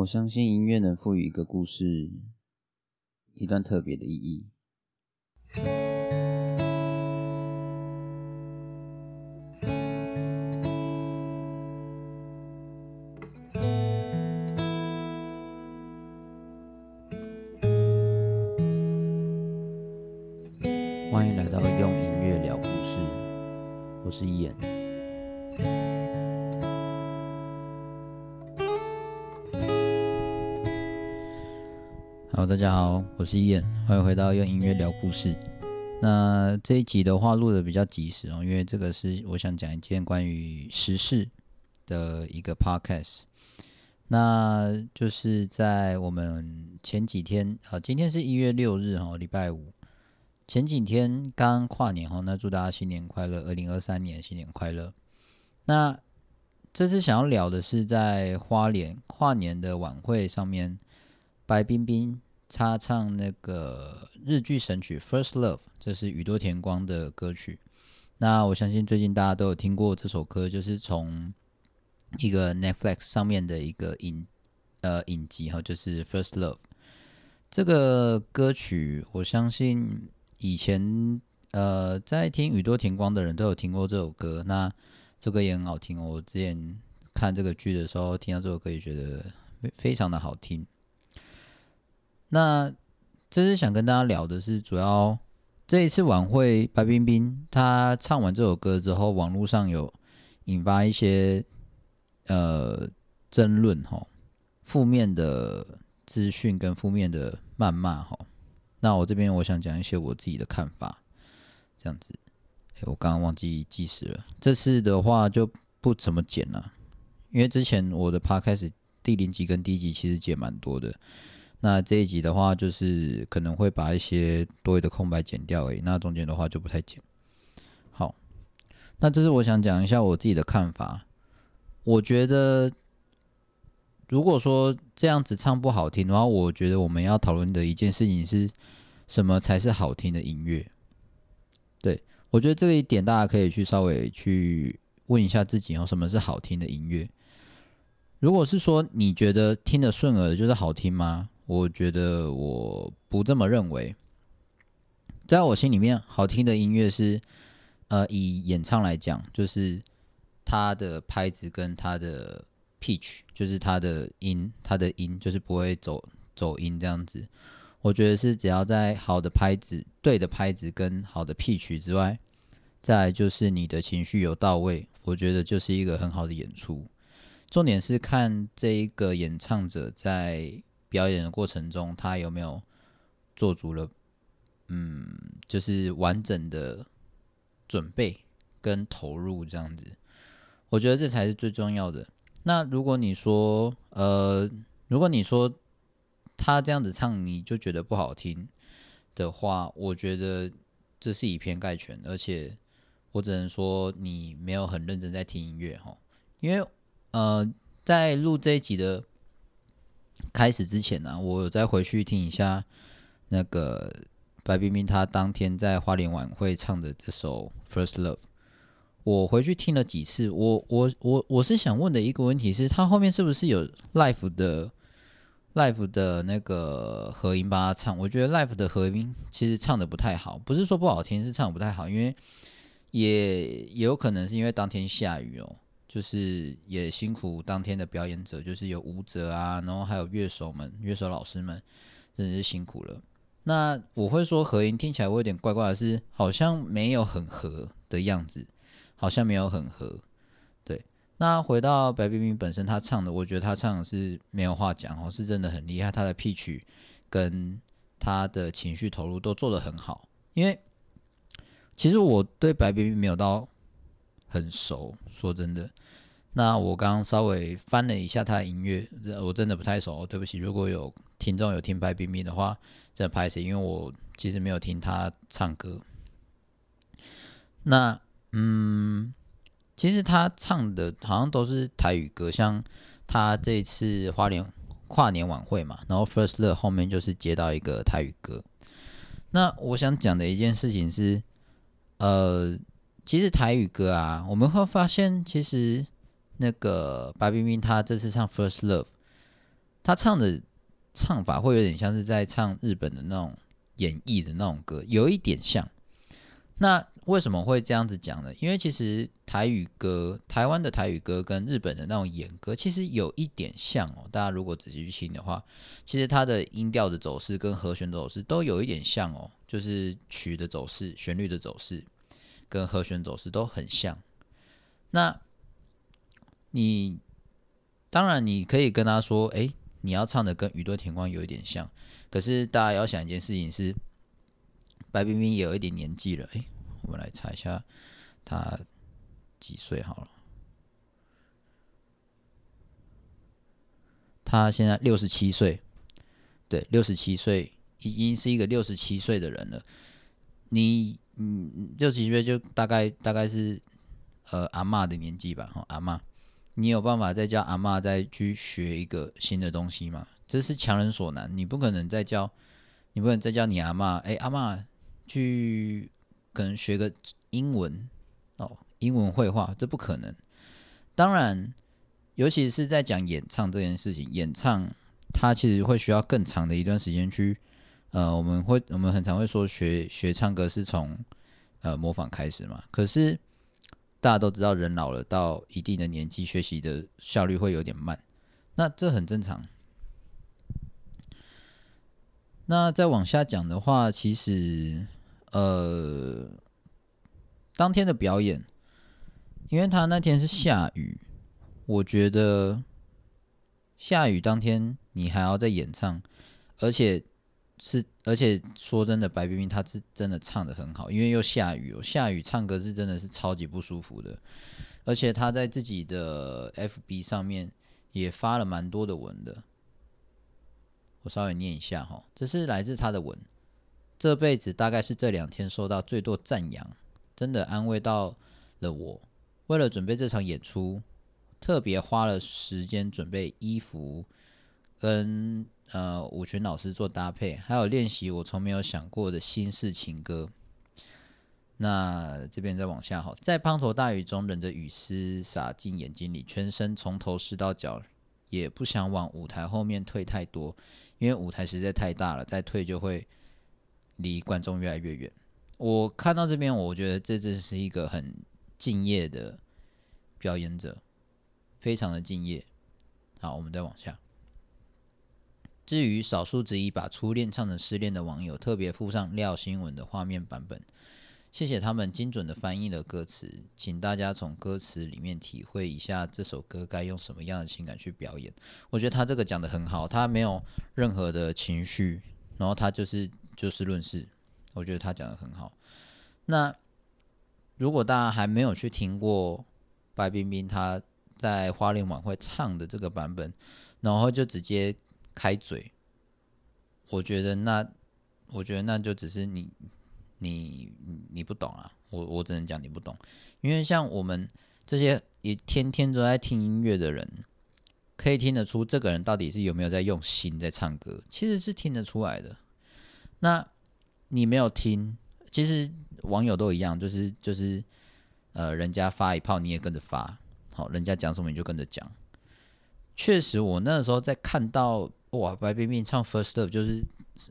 我相信音樂能賦予一個故事一段特別的意義。好，大家好，我是伊恩，歡迎回到用音樂聊故事。那這一集的話錄的比較及時哦，因為這個是我想講一件關於時事的一個 podcast。那就是在我們前幾天，啊，今天是一月六日哦，禮拜五。前幾天剛跨年哈，那祝大家新年快樂，二零二三年新年快樂。那這次想要聊的是在花蓮跨年的晚會上面，白冰冰。他唱那個日劇神曲《First Love》，這是宇多田光的歌曲。那我相信最近大家都有聽過這首歌，就是從一個 Netflix 上面的一個影呃影集，哈，就是《First Love》這個歌曲。我相信以前呃在聽宇多田光的人都有聽過這首歌。那這個也很好聽哦。我之前看這個劇的時候聽到這首歌，也覺得非非常的好聽。那這是想跟大家聊的是，主要這一次晚會，白冰冰她唱完這首歌之後，網絡上有引發一些呃爭論吼、哦，負面的資訊跟負面的謾罵吼、哦，那我這邊我想講一些我自己的看法，這樣子。哎，我剛剛忘記計時了，這次的話就不怎麼剪了、啊，因為之前我的 Podcast 開始第零集跟第一集其實剪蠻多的。那這一集的話，就是可能會把一些多餘的空白剪掉而已。那中間的話就不太剪。好，那這是我想講一下我自己的看法。我覺得，如果說這樣子唱不好聽的話，我覺得我們要討論的一件事情是什麼才是好聽的音樂？對，我覺得這一點，大家可以去稍微去問一下自己，哦，什麼是好聽的音樂？如果是說你覺得聽得順耳，就是好聽嗎？我覺得我不這麼認為，在我心裡面，好聽的音樂是，呃，以演唱來講，就是它的拍子跟它的 pitch，就是它的音，它的音就是不會走走音這樣子。我覺得是只要在好的拍子、對的拍子跟好的 pitch 之外，再來就是你的情緒有到位，我覺得就是一個很好的演出。重點是看這一個演唱者在。表演的過程中，他有沒有做足了，嗯，就是完整的準備跟投入這樣子？我覺得這才是最重要的。那如果你說，呃，如果你說他這樣子唱你就覺得不好聽的話，我覺得這是以偏概全，而且我只能說你沒有很認真在聽音樂哦，因為呃，在錄這一集的。開始之前呢、啊，我再回去聽一下那個白冰冰她當天在花蓮晚會唱的這首《First Love》，我回去聽了幾次，我我我我是想問的一個問題是，她後面是不是有 live 的 live 的那個和音幫她唱？我覺得 live 的和音其實唱得不太好，不是說不好聽，是唱得不太好，因為也，也有可能是因為當天下雨哦、喔。就是也辛苦當天的表演者，就是有舞者啊，然後還有樂手們、樂手老師們，真的是辛苦了。那我會說合音聽起來我有點怪怪的，是好像沒有很和的樣子，好像沒有很和。對，那回到白冰冰本身，她唱的，我覺得她唱的是沒有話講哦，是真的很厲害。她的 P 曲跟他的情緒投入都做得很好，因為其實我對白冰冰沒有到。很熟，說真的，那我剛剛稍微翻了一下他的音樂，我真的不太熟，對不起。如果有聽眾有聽白冰冰的話，再拍一，因為我其實沒有聽他唱歌。那嗯，其實他唱的好像都是台語歌，像他這一次花蓮跨年晚會嘛，然後 First Love 後面就是接到一個台語歌。那我想講的一件事情是，呃。其實台語歌啊，我們會發現，其實那個白冰冰她這次唱《First Love》，她唱的唱法會有點像是在唱日本的那種演繹的那種歌，有一點像。那為什麼會這樣子講呢？因為其實台語歌，台灣的台語歌跟日本的那種演歌，其實有一點像哦。大家如果仔細去聽的話，其實它的音調的走勢跟和弦的走勢都有一點像哦，就是曲的走勢、旋律的走勢。跟和弦走勢都很像。那，你當然你可以跟他說，哎、欸，你要唱的跟宇多田光有一點像。可是大家要想一件事情是，白冰冰也有一點年紀了。哎、欸，我們來查一下他幾歲好了。他現在六十七歲，對，六十七歲已經是一個六十七歲的人了。你嗯六十幾歲就大概大概是呃阿嬤的年紀吧，哦、阿嬤，你有辦法再叫阿嬤再去學一個新的東西嗎？這是強人所難，你不可能再教，你不可能再叫你阿嬤，哎、欸、阿嬤去可能學個英文哦，英文會話，這不可能。當然，尤其是在講演唱這件事情，演唱它其實會需要更長的一段時間去。呃，我們會我們很常會說學學唱歌是從呃模仿開始嘛。可是大家都知道，人老了到一定的年紀，學習的效率會有點慢，那這很正常。那再往下講的話，其實呃當天的表演，因為他那天是下雨，我覺得下雨當天你還要再演唱，而且。是，而且說真的，白冰冰她是真的唱得很好，因為又下雨哦，下雨唱歌是真的是超級不舒服的。而且她在自己的 FB 上面也發了蠻多的文的，我稍微念一下哈，這是來自她的文，這輩子大概是這兩天受到最多讚揚，真的安慰到了我。為了準備這場演出，特別花了時間準備衣服。跟呃舞群老師做搭配，還有練習我從沒有想過的心事情歌。那這邊再往下，好，在滂沱大雨中，忍着雨絲灑進眼睛裡，全身從頭濕到腳，也不想往舞台後面退太多，因為舞台實在太大了，再退就會離觀眾越來越遠。我看到這邊，我覺得這真是一個很敬業的表演者，非常的敬業。好，我們再往下。至於少數之一把初戀唱成失戀的網友，特別附上廖新文的畫面版本，謝謝他們精準的翻譯了歌詞，請大家從歌詞裡面體會一下這首歌該用什麼樣的情感去表演。我覺得他這個講得很好，他沒有任何的情緒，然後他就是就事論事，我覺得他講得很好。那如果大家還沒有去聽過白冰冰他在花蓮晚會唱的這個版本，然後就直接。開嘴，我覺得那，我覺得那就只是你，你，你不懂啊！我我只能講你不懂，因為像我們這些也天天都在聽音樂的人，可以聽得出這個人到底是有沒有在用心在唱歌，其實是聽得出來的。那你沒有聽，其實網友都一樣，就是就是，呃，人家發一炮你也跟着發，好，人家講什麼你就跟着講。確實，我那個時候在看到。哇，白冰冰唱《First Love》就是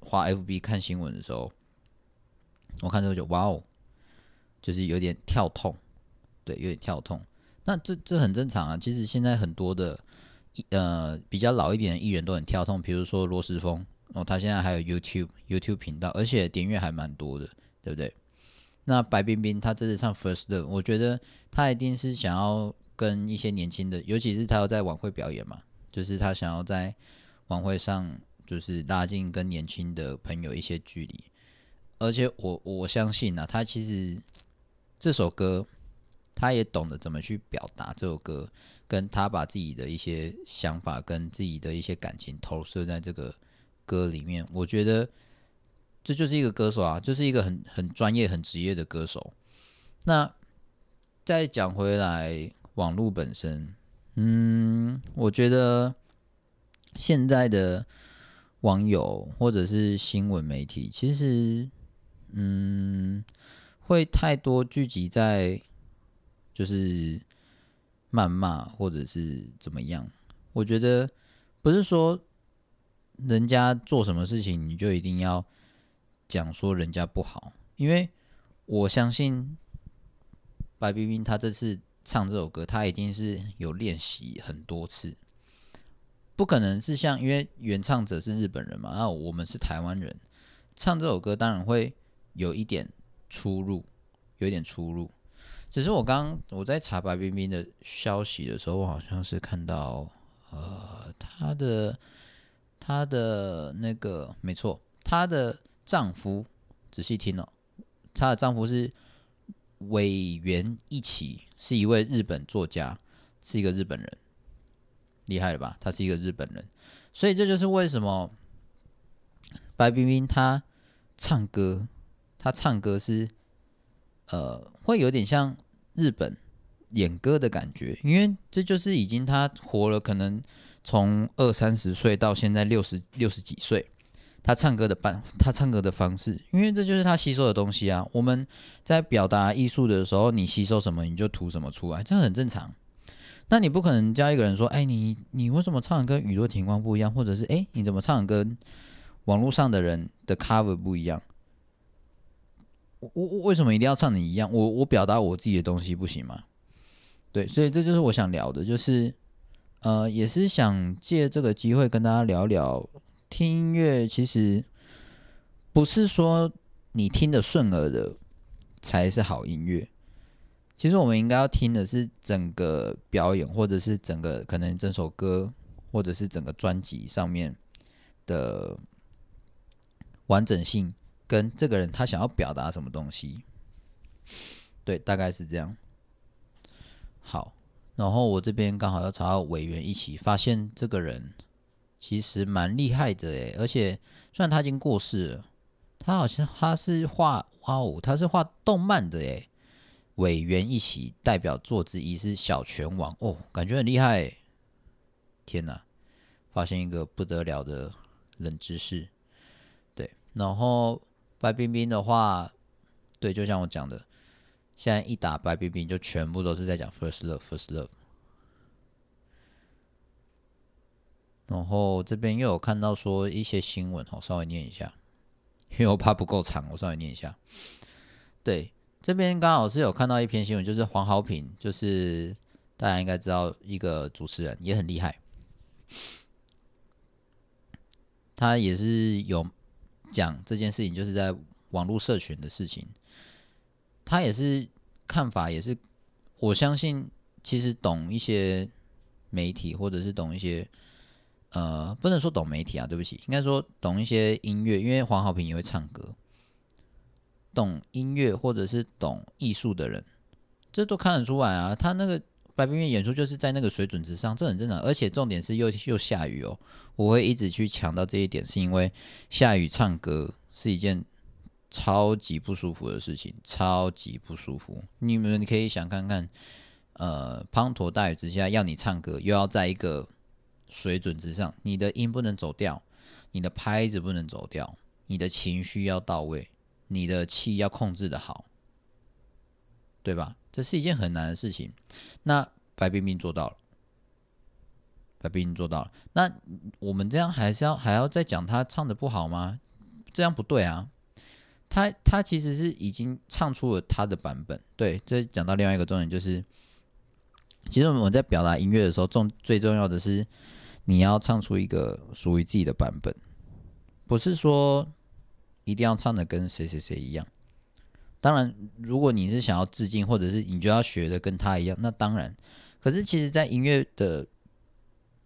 滑 F B 看新聞的時候，我看之後就，哇哦，wow, 就是有點跳痛，對，有點跳痛。那這這很正常啊。其實現在很多的藝，呃，比較老一點的藝人都很跳痛，比如說羅時豐，然後他現在還有 YouTube, YouTube YouTube 頻道，而且點閱還蠻多的，對不對？那白冰冰他這次唱《First Love》，我覺得他一定是想要跟一些年輕的，尤其是他要在晚會表演嘛，就是他想要在。晚會上就是拉近跟年輕的朋友一些距離，而且我我相信啊，他其實這首歌，他也懂得怎麼去表達這首歌，跟他把自己的一些想法跟自己的一些感情投射在這個歌裡面，我覺得這就是一個歌手啊，就是一個很很專業、很職業的歌手。那再講回來，網路本身，嗯，我覺得。現在的網友或者是新聞媒體，其實，嗯，會太多聚集在就是謾罵或者是怎麼樣。我覺得不是說人家做什麼事情你就一定要講說人家不好，因為我相信白冰冰她這次唱這首歌，她一定是有練習很多次。不可能是像，因為原唱者是日本人嘛，那我們是台灣人，唱這首歌當然會有一點出入，有一點出入。只是我剛我在查白冰冰的消息的時候，我好像是看到，呃，她的她的那個沒錯，她的丈夫，仔細聽哦，她的丈夫是梶原一騎，是一位日本作家，是一個日本人。厲害了吧？他是一個日本人，所以這就是為什麼白冰冰她唱歌，她唱歌是呃會有點像日本演歌的感覺，因為這就是已經她活了，可能從二三十歲到現在六十六十幾歲，她唱歌的辦她唱歌的方式，因為這就是她吸收的東西啊。我們在表達藝術的時候，你吸收什麼你就吐什麼出來，這很正常。那你不可能教一個人說，哎、欸，你你為什麼唱的跟宇宙情況不一樣，或者是哎、欸，你怎麼唱的跟網絡上的人的 cover 不一樣？我我為什麼一定要唱的一樣？我我表達我自己的東西不行嗎？對，所以這就是我想聊的，就是呃，也是想借這個機會跟大家聊聊，聽音樂其實不是說你聽得順耳的才是好音樂。其實我們應該要聽的是整個表演，或者是整個可能整首歌，或者是整個專輯上面的完整性，跟這個人他想要表達什麼東西。對，大概是這樣。好，然後我這邊剛好要查到委員一起，發現這個人其實蠻厲害的哎，而且雖然他已經過世了，他好像他是畫，哇哦，他是畫動漫的哎。委員一起代表作之一是《小拳王》，哦，感覺很厲害。天哪，啊，發現一個不得了的冷知識。對，然後白冰冰的話，對，就像我講的，現在一打白冰冰就全部都是在講 “first love”，“first love”。然後這邊又有看到說一些新聞，好，稍微念一下，因為我怕不夠長，我稍微念一下。對。這邊剛好是有看到一篇新聞，就是黃豪平，就是大家應該知道，一個主持人，也很厲害。他也是有講這件事情，就是在網絡社群的事情。他也是看法，也是我相信，其實懂一些媒體，或者是懂一些呃，不能說懂媒體啊，對不起，應該說懂一些音樂，因為黃豪平也會唱歌。懂音樂或者是懂藝術的人，這都看得出來啊。他那個白冰冰演出就是在那個水準之上，這很正常。而且重點是又又下雨哦。我會一直去強調這一點，是因為下雨唱歌是一件超級不舒服的事情，超級不舒服。你們可以想看看，呃，滂沱大雨之下要你唱歌，又要在一個水準之上，你的音不能走調，你的拍子不能走調，你的情緒要到位。你的氣要控制得好，對吧？這是一件很難的事情。那白冰冰做到了，白冰冰做到了。那我們這樣還是要還要再講他唱得不好嗎？這樣不對啊。他他其實是已經唱出了他的版本。對，這講到另外一個重點，就是其實我們在表達音樂的時候，重最重要的是你要唱出一個屬於自己的版本，不是說。一定要唱的跟誰誰誰一樣？當然，如果你是想要致敬，或者是你就要學的跟他一樣，那當然。可是，其實在音樂的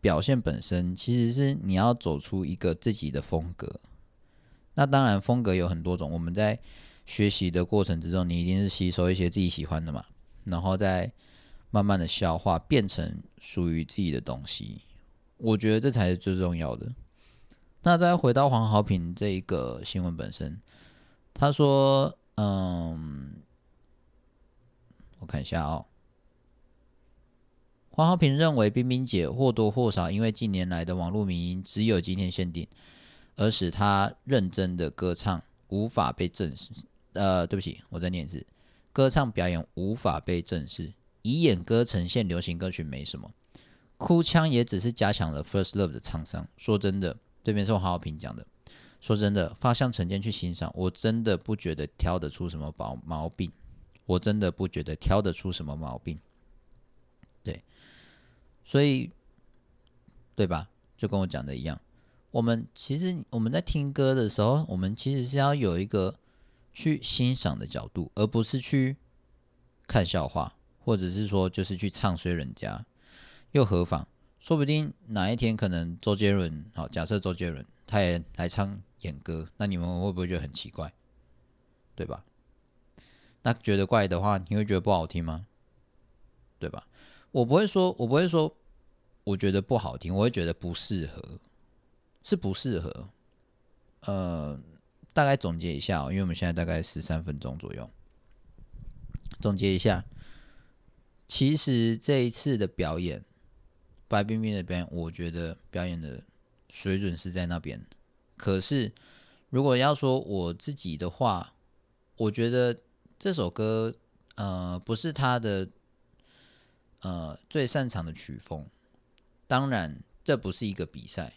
表現本身，其實是你要走出一個自己的風格。那當然，風格有很多種。我們在學習的過程之中，你一定是吸收一些自己喜歡的嘛，然後再慢慢的消化，變成屬於自己的東西。我覺得這才是最重要的。那再回到黃豪平這一個新聞本身，他說：“嗯，我看一下哦。”黃豪平認為，冰冰姐或多或少因為近年來的網絡迷因只有今天限定，而使她認真的歌唱無法被正視。呃，對不起，我再念一次，歌唱表演無法被正視，以演歌呈現流行歌曲沒什麼，哭腔也只是加強了《First Love》的滄桑，說真的。對面是我好好評講的，說真的，發向成見去欣賞，我真的不覺得挑得出什麼毛毛病，我真的不覺得挑得出什麼毛病，對，所以，對吧？就跟我講的一樣，我們其實我們在聽歌的時候，我們其實是要有一個去欣賞的角度，而不是去看笑話，或者是說就是去唱衰人家，又何妨？說不定哪一天可能周杰倫，好，假設周杰倫他也來唱演歌，那你們會不會覺得很奇怪，對吧？那覺得怪的話，你會覺得不好聽嗎？對吧？我不會說，我不會說我覺得不好聽，我會覺得不適合，是不適合。呃，大概總結一下喔，因為我們現在大概十三分鐘左右，總結一下，其實這一次的表演。白冰冰的表演，我覺得表演的水準是在那邊。可是，如果要說我自己的話，我覺得這首歌，呃，不是他的呃最擅長的曲風。當然，這不是一個比賽。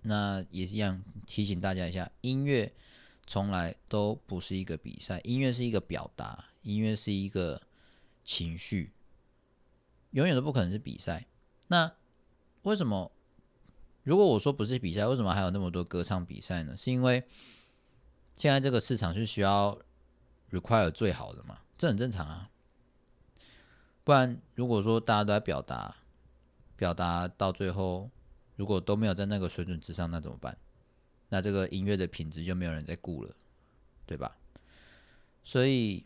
那也是一樣提醒大家一下，音樂從來都不是一個比賽，音樂是一個表達，音樂是一個情緒，永遠都不可能是比賽。那為什麼如果我說不是比賽，為什麼還有那麼多歌唱比賽呢？是因為現在這個市場是需要 require 最好的嘛，這很正常啊。不然如果說大家都在表達，表達到最後，如果都沒有在那個水準之上，那怎麼辦？那這個音樂的品質就沒有人在顧了，對吧？所以，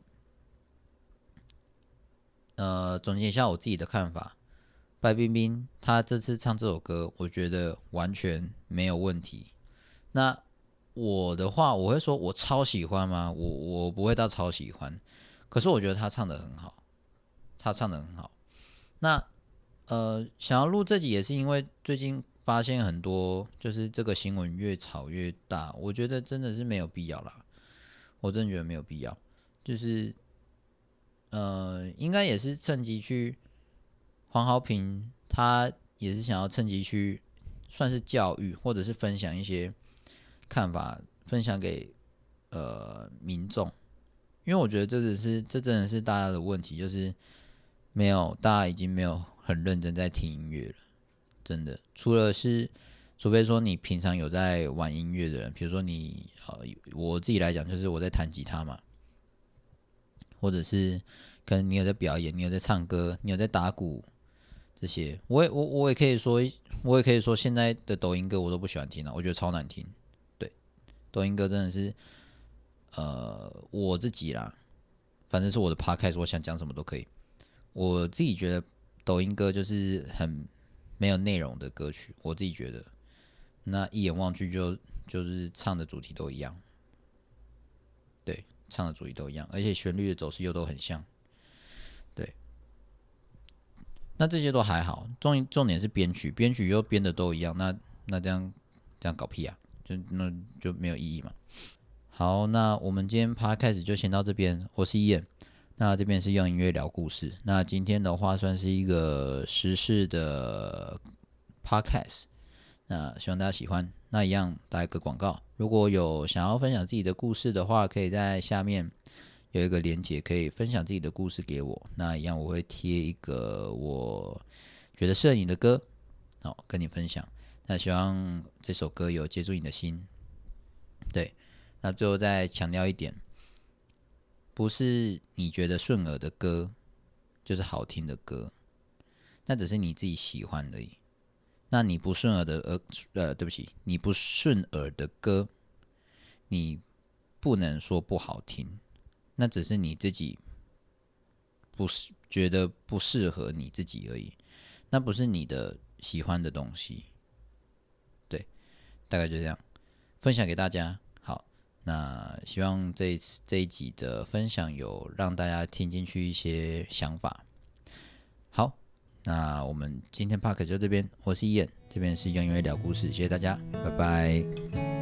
呃，總結一下我自己的看法。白冰冰，他這次唱這首歌，我覺得完全沒有問題。那我的話，我會說我超喜歡嗎？我我不會到超喜歡，可是我覺得他唱得很好，他唱得很好。那呃，想要錄這集也是因為最近發現很多，就是這個新聞越炒越大，我覺得真的是沒有必要啦。我真的覺得沒有必要，就是呃，應該也是趁機去。黃豪平他也是想要趁機去算是教育，或者是分享一些看法，分享給呃民眾，因為我覺得這只是這真的是大家的問題，就是沒有大家已經沒有很認真在聽音樂了，真的，除了是，除非說你平常有在玩音樂的人，比如說你呃我自己來講就是我在彈吉他嘛，或者是可能你有在表演，你有在唱歌，你有在打鼓。這些，我也我我也可以說，我也可以說，現在的抖音歌我都不喜歡聽了啊，我覺得超難聽。對，抖音歌真的是，呃，我自己啦，反正是我的 podcast，我想講什麼都可以。我自己覺得抖音歌就是很沒有內容的歌曲，我自己覺得，那一眼望去就就是唱的主題都一樣，對，唱的主題都一樣，而且旋律的走勢又都很像。那這些都還好，重重點是編曲，編曲又編的都一樣，那那這樣這樣搞屁啊？就那就沒有意義嘛。好，那我們今天 podcast 就先到這邊，我是 Ian，那這邊是用音樂聊故事。那今天的話算是一個時事的 podcast，那希望大家喜歡。那一樣打一個廣告，如果有想要分享自己的故事的話，可以在下面。有一個連接可以分享自己的故事給我，那一樣我會貼一個我覺得適合你的歌，好跟你分享。那希望這首歌有接住你的心。對，那最後再強調一點，不是你覺得順耳的歌就是好聽的歌，那只是你自己喜歡而已。那你不順耳的耳，呃呃對不起，你不順耳的歌，你不能說不好聽。那只是你自己不，不適覺得不適合你自己而已，那不是你的喜歡的東西，對，大概就這樣分享給大家。好，那希望這一次這一集的分享有讓大家聽進去一些想法。好，那我們今天 Podcast 就這邊，我是伊恩，這邊是永遠聊故事，謝謝大家，拜拜。